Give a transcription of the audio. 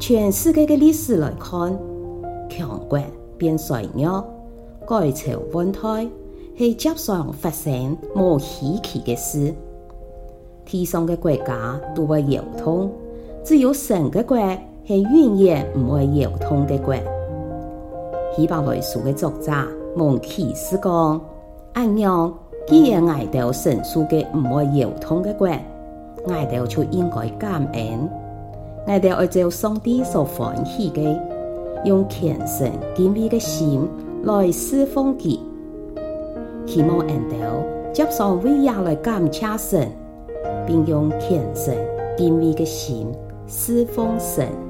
全世界的歷史來看，強國變衰弱，改朝換代是經常發生無稀奇嘅事。天上嘅國家都會溝通，只有神嘅國是永遠唔會溝通嘅國。希伯來書嘅作者蒙奇斯講：“按樣，既然挨到神書嘅唔會溝通嘅國，挨到就應該感恩。”我哋愛做上帝所歡喜嘅，用虔誠敬畏嘅心來侍奉佢，希望信徒接受信仰來感謝神，並用虔誠敬畏嘅心侍奉神，神。